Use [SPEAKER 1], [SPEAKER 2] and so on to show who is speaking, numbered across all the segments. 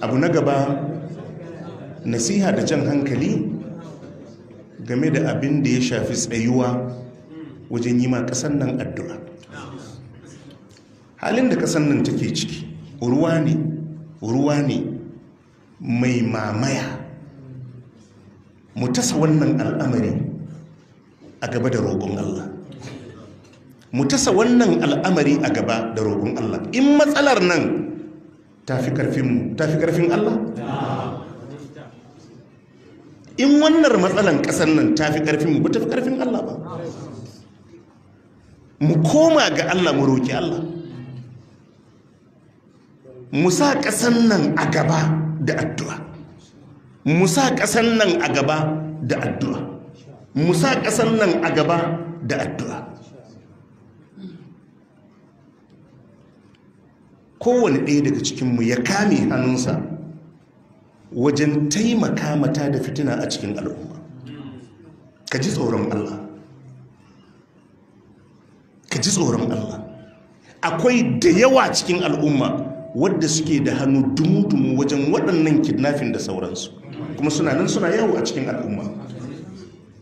[SPEAKER 1] abu na gaba nasiha da jan hankali game da abin da ya shafi tsayuwa wajen yi ma kasan nan addu'a halin da kasan nan take ciki ruwa ne ruwa ne mai mamaya mu tasa wannan al'amari a gaba da roƙon Allah mu tasa wannan al'amari a gaba da roƙon Allah in matsalar nan tafi mu tafi karfin Allah in wannan matsalan kasan nan tafi mu ba tafi karfin Allah ba mu koma ga Allah mu roki Allah mu sa kasan nan a gaba da addu'a mu sa kasan nan a gaba da addu'a mu sa kasan nan a gaba da addu'a kowane ɗaya daga cikinmu ya kame hannunsa wajen taimaka mata da fitina a cikin al'umma ka ji tsoron Allah ka ji tsoron Allah akwai da yawa cikin al'umma wadda suke da hannu dumu-dumu wajen waɗannan kidnafin da sauransu kuma suna nan suna yawo a cikin al'umma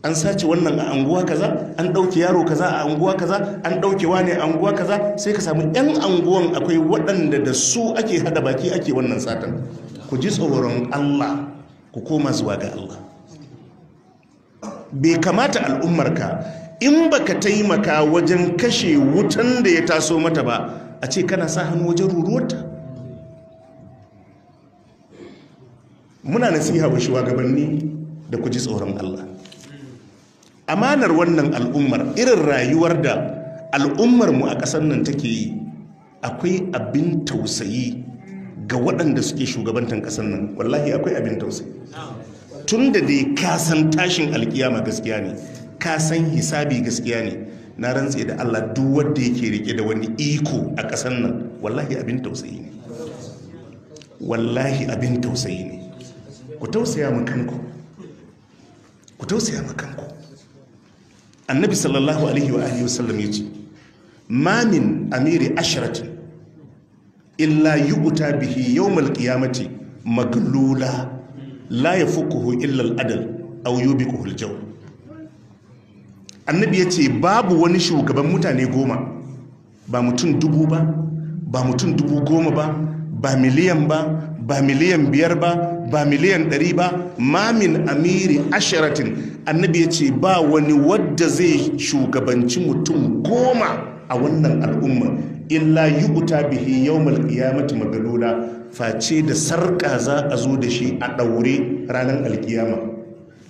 [SPEAKER 1] an sace wannan a anguwa kaza an ɗauke yaro kaza a anguwa kaza an ɗauke wane a anguwa kaza sai ka samu 'yan anguwan akwai waɗanda da su ake hada baki ake wannan satan ku ji tsoron allah ku koma zuwa ga allah bai kamata al'ummar ka in baka taimaka wajen kashe wutan da ya taso mata ba a ce kana sa hannu wajen ruruwarta muna nasiha wa shugabanni da ku ji tsoron allah amanar wannan al'ummar irin rayuwar da al'ummar mu a ƙasar nan take yi akwai abin tausayi ga waɗanda suke shugabantar ƙasar nan wallahi akwai abin tausayi tun da dai kasan tashin alkiyama gaskiya ne kasan hisabi gaskiya ne na rantse da allah duk wanda yake rike da wani iko a ƙasar nan wallahi abin tausayi ne wallahi abin tausayi ne ku tausaya mu kanku ku tausaya mu kanku annabi sallallahu alaihi wa alihi wasallam yace Mamin amiri ashirati illa yubuta bihi yawmal qiyamati maglula la yafukuhu illa al-adl aw yubikuhu al-jaw annabi yace babu wani shugaban mutane goma ba mutum dubu ba ba mutum dubu goma ba ba miliyan ba ba miliyan biyar ba ba miliyan ɗari ba mamin amiri ashiratin annabi ya ce ba wani wadda zai shugabanci mutum goma a wannan al'umma illa yi uta bihi yau qiyamati magalula face da sarƙa za a zo da shi a ɗaure ranar alkiyama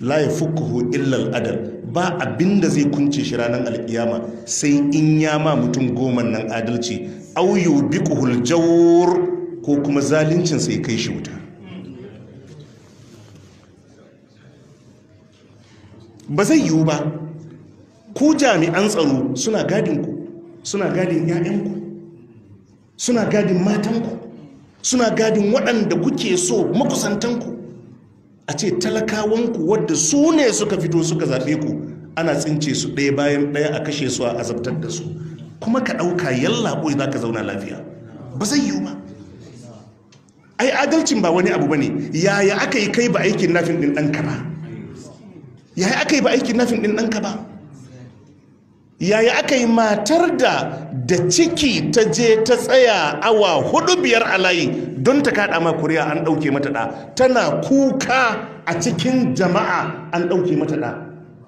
[SPEAKER 1] la ya fukuhu illal adal ba abin da zai kunce shi ranar alkiyama sai in ya ma mutum goma nan adalci au yubiquhul jawr ko kuma zalincin sai kai shi wuta ba zai yiwu ba ku jami'an tsaro suna gadin ku suna gadin 'ya'yanku suna gadin matanku suna gadin waɗanda kuke so makusantanku a ce talakawanku wadda su ne suka fito suka zaɓe ku ana tsince su ɗaya bayan ɗaya a kashe su a azabtar da su kuma ka ɗauka yalla ɓoye za ka zauna lafiya ba zai yiwu ba ai adalcin ba wani abu ba ne yaya aka yi kai ba aikin nafin ɗin ɗanka ba yaya aka yi ba aikin nafin ɗin ɗanka ba yaya aka yi matar da da ciki ta je ta tsaya awa hudu biyar a layi don ta kaɗa ma kuriya an ɗauke mata ɗa tana kuka a cikin jama'a an ɗauke mata ɗa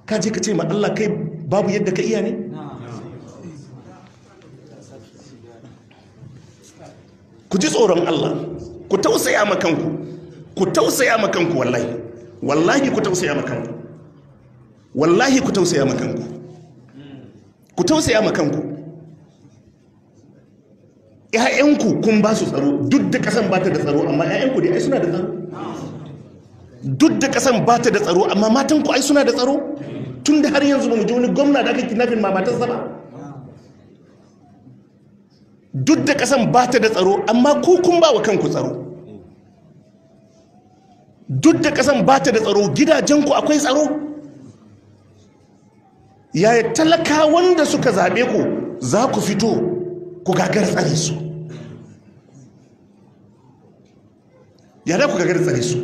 [SPEAKER 1] ka je ka ce ma Allah kai babu yadda ka iya ne ku ji tsoron Allah ku tausaya ma kanku ku tausaya ma kanku wallahi wallahi ku tausaya ma kanku wallahi ku tausaya ma kanku ku tausaya ma kanku ƴaƴanku kun ba su tsaro duk da ƙasan ba ta da tsaro amma ƴaƴanku dai ai suna da tsaro duk da ƙasan ba ta da tsaro amma matanku ai suna da tsaro tun da har yanzu ba mu ji wani gwamna da aka kinafin ma matarsa ba duk da ƙasan ba ta da tsaro amma ku kun ba wa kanku tsaro duk da ƙasan ba ta da tsaro gidajenku akwai tsaro yaya talaka wanda suka zaɓe ku za ku fito ku gagar tsare su yaya ku gagar tsare su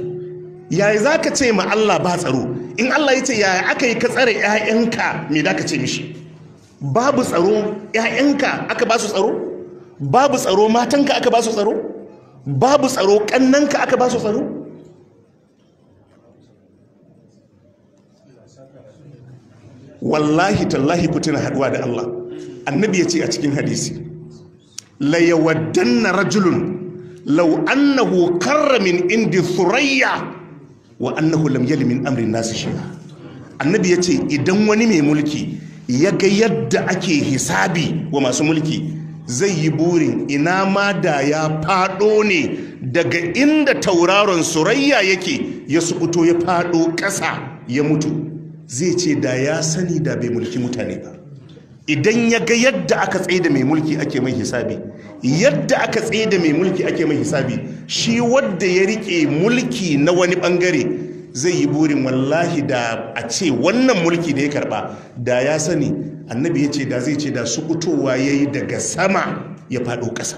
[SPEAKER 1] yaya za ka ce ma Allah ba tsaro in Allah ya ce yaya aka yi ka tsare 'ya'yanka mai da ka ce mishi babu tsaro 'ya'yanka aka ba su tsaro babu tsaro matanka aka ba su tsaro babu tsaro ƙannanka aka ba su tsaro wallahi tallahi ku tuna haduwa da Allah annabi ya ce a cikin hadisi la yawaddanna rajulun law annahu qarra min indi thurayya wa annahu lam yali min amrin nasi shay'a annabi ya ce idan wani mai mulki ya ga yadda ake hisabi wa masu mulki zai yi burin ina ma da ya fado ne daga inda tauraron surayya yake ya sukuto ya fado ƙasa ya mutu zai ce da ya sani da bai mulki mutane ba idan ya ga yadda aka tsaye da mai mulki ake mai hisabi yadda aka tsaye da mai mulki ake mai hisabi shi wadda ya rike mulki na wani bangare zai yi burin wallahi da a ce wannan mulki da ya karba da ya sani annabi ya ce da zai ce da su kutowa ya yi daga sama ya faɗo ƙasa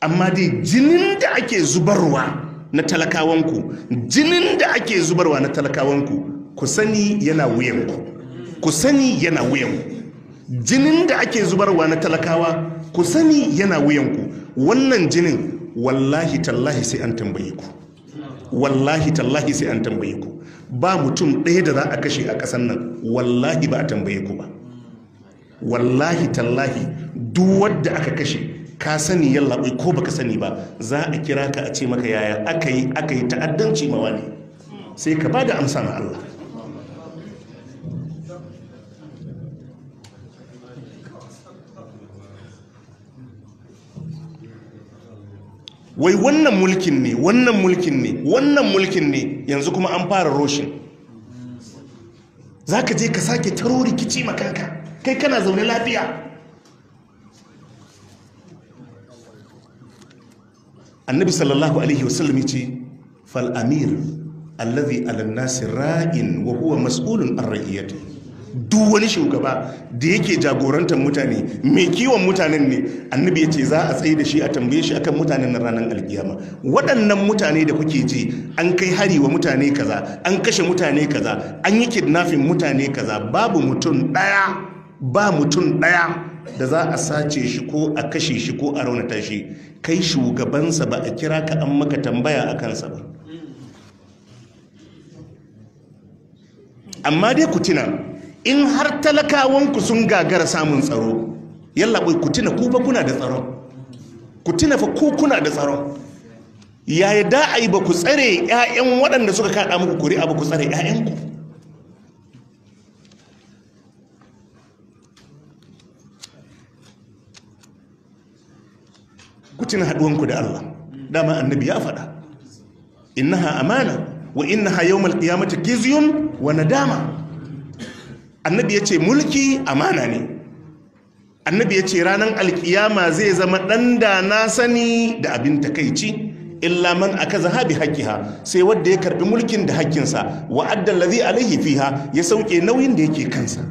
[SPEAKER 1] amma dai jinin da ake zubarwa na talakawanku jinin da ake zubarwa na talakawanku ku sani yana wuyanku ku sani yana wuyanku jinin da ake zubarwa na talakawa ku sani yana wuyanku wannan jinin wallahi tallahi sai an tambaye ku wallahi tallahi sai an tambaye ku ba mutum ɗaya da za a kashe a ƙasan nan wallahi ba a tambaye ku ba wallahi tallahi duk wadda aka kashe ka sani yalla bai ko baka sani ba za a kira ka a ce maka yaya aka yi aka yi ta'addanci ma wani sai ka bada amsa na Allah wai wannan mulkin ne wannan mulkin ne wannan mulkin ne yanzu kuma an fara roshin za ka je ka sake taro rikici makanka kai kana zaune lafiya annabi sallallahu alaihi wasallam ce, fal amir allazi ala nasi ra'in wa huwa mas'ulun an ra'iyati duk wani shugaba da yake jagorantar mutane mai kiwon mutanen ne annabi ya ce za a tsaye da shi a tambaye shi akan mutanen na ranar alkiyama waɗannan mutane da kuke ji an kai hari wa mutane kaza an kashe mutane kaza an yi kidnafin mutane kaza babu mutum ɗaya ba mutum ɗaya da za a sace shi ko a kashe shi ko a raunata shi kai shugabansa ba a kira ka an maka tambaya a kansa ba amma dai ku tuna in har talakawanku sun gagara samun tsaro yalla bai ku tuna ku ba kuna da tsaro. ku tuna fa ku kuna da tsaro. yaya da a ba ku tsare 'ya'yan waɗanda suka kaɗa muku kuri'a ba ku tsare 'ya'yanku ku tuna haduwanku da Allah dama annabi ya faɗa innaha amana wa innaha yawmal qiyamati kizyun wa nadama annabi yace mulki amana ne annabi yace ranar alkiyama zai zama ɗan da na sani da abin takeici illa man akazaha zahabi haqqiha sai wanda ya karɓi mulkin da hakkinsa wa adda allazi alaihi fiha ya sauke nauyin da yake kansa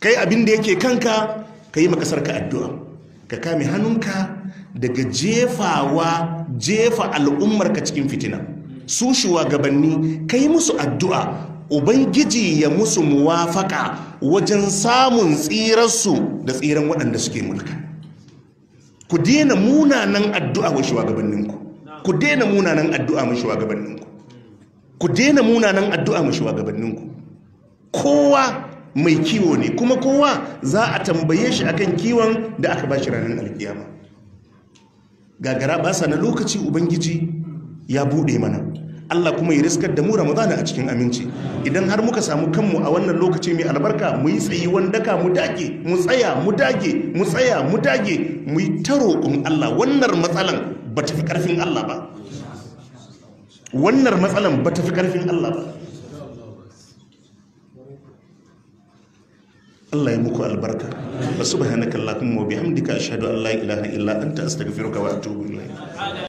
[SPEAKER 1] kai abin da yake kanka ka yi makasar ka addu'a ka kame hannunka daga jefawa jefa al'ummarka cikin fitina su shugabanni ka yi musu addu'a ubangiji ya musu muwafaka wajen samun tsirarsu da tsiran waɗanda suke mulka ku daina munanan addu'a wa shugabanninku ku daina munanan addu'a mu shugabanninku ku daina munanan addu'a mu shugabanninku kowa mai kiwo ne kuma kowa za a tambaye shi akan kiwon da aka bashi ranar alkiyama gagara ba sa na lokaci ubangiji ya bude mana Allah kuma ya riskar da mu Ramadana a cikin aminci idan har muka samu kanmu a wannan lokaci mai albarka mu yi tsayi wandaka mu dage mu tsaya mu dage mu tsaya mu dage mu yi ta roƙon Allah wannan matsalan ba ta fi Allah ba wannan matsalan ba ta fi ƙarfin Allah ba Allah ya muku albarka wa subhanakallahumma wa bihamdika ashhadu an la ilaha illa anta astaghfiruka wa atubu ilayk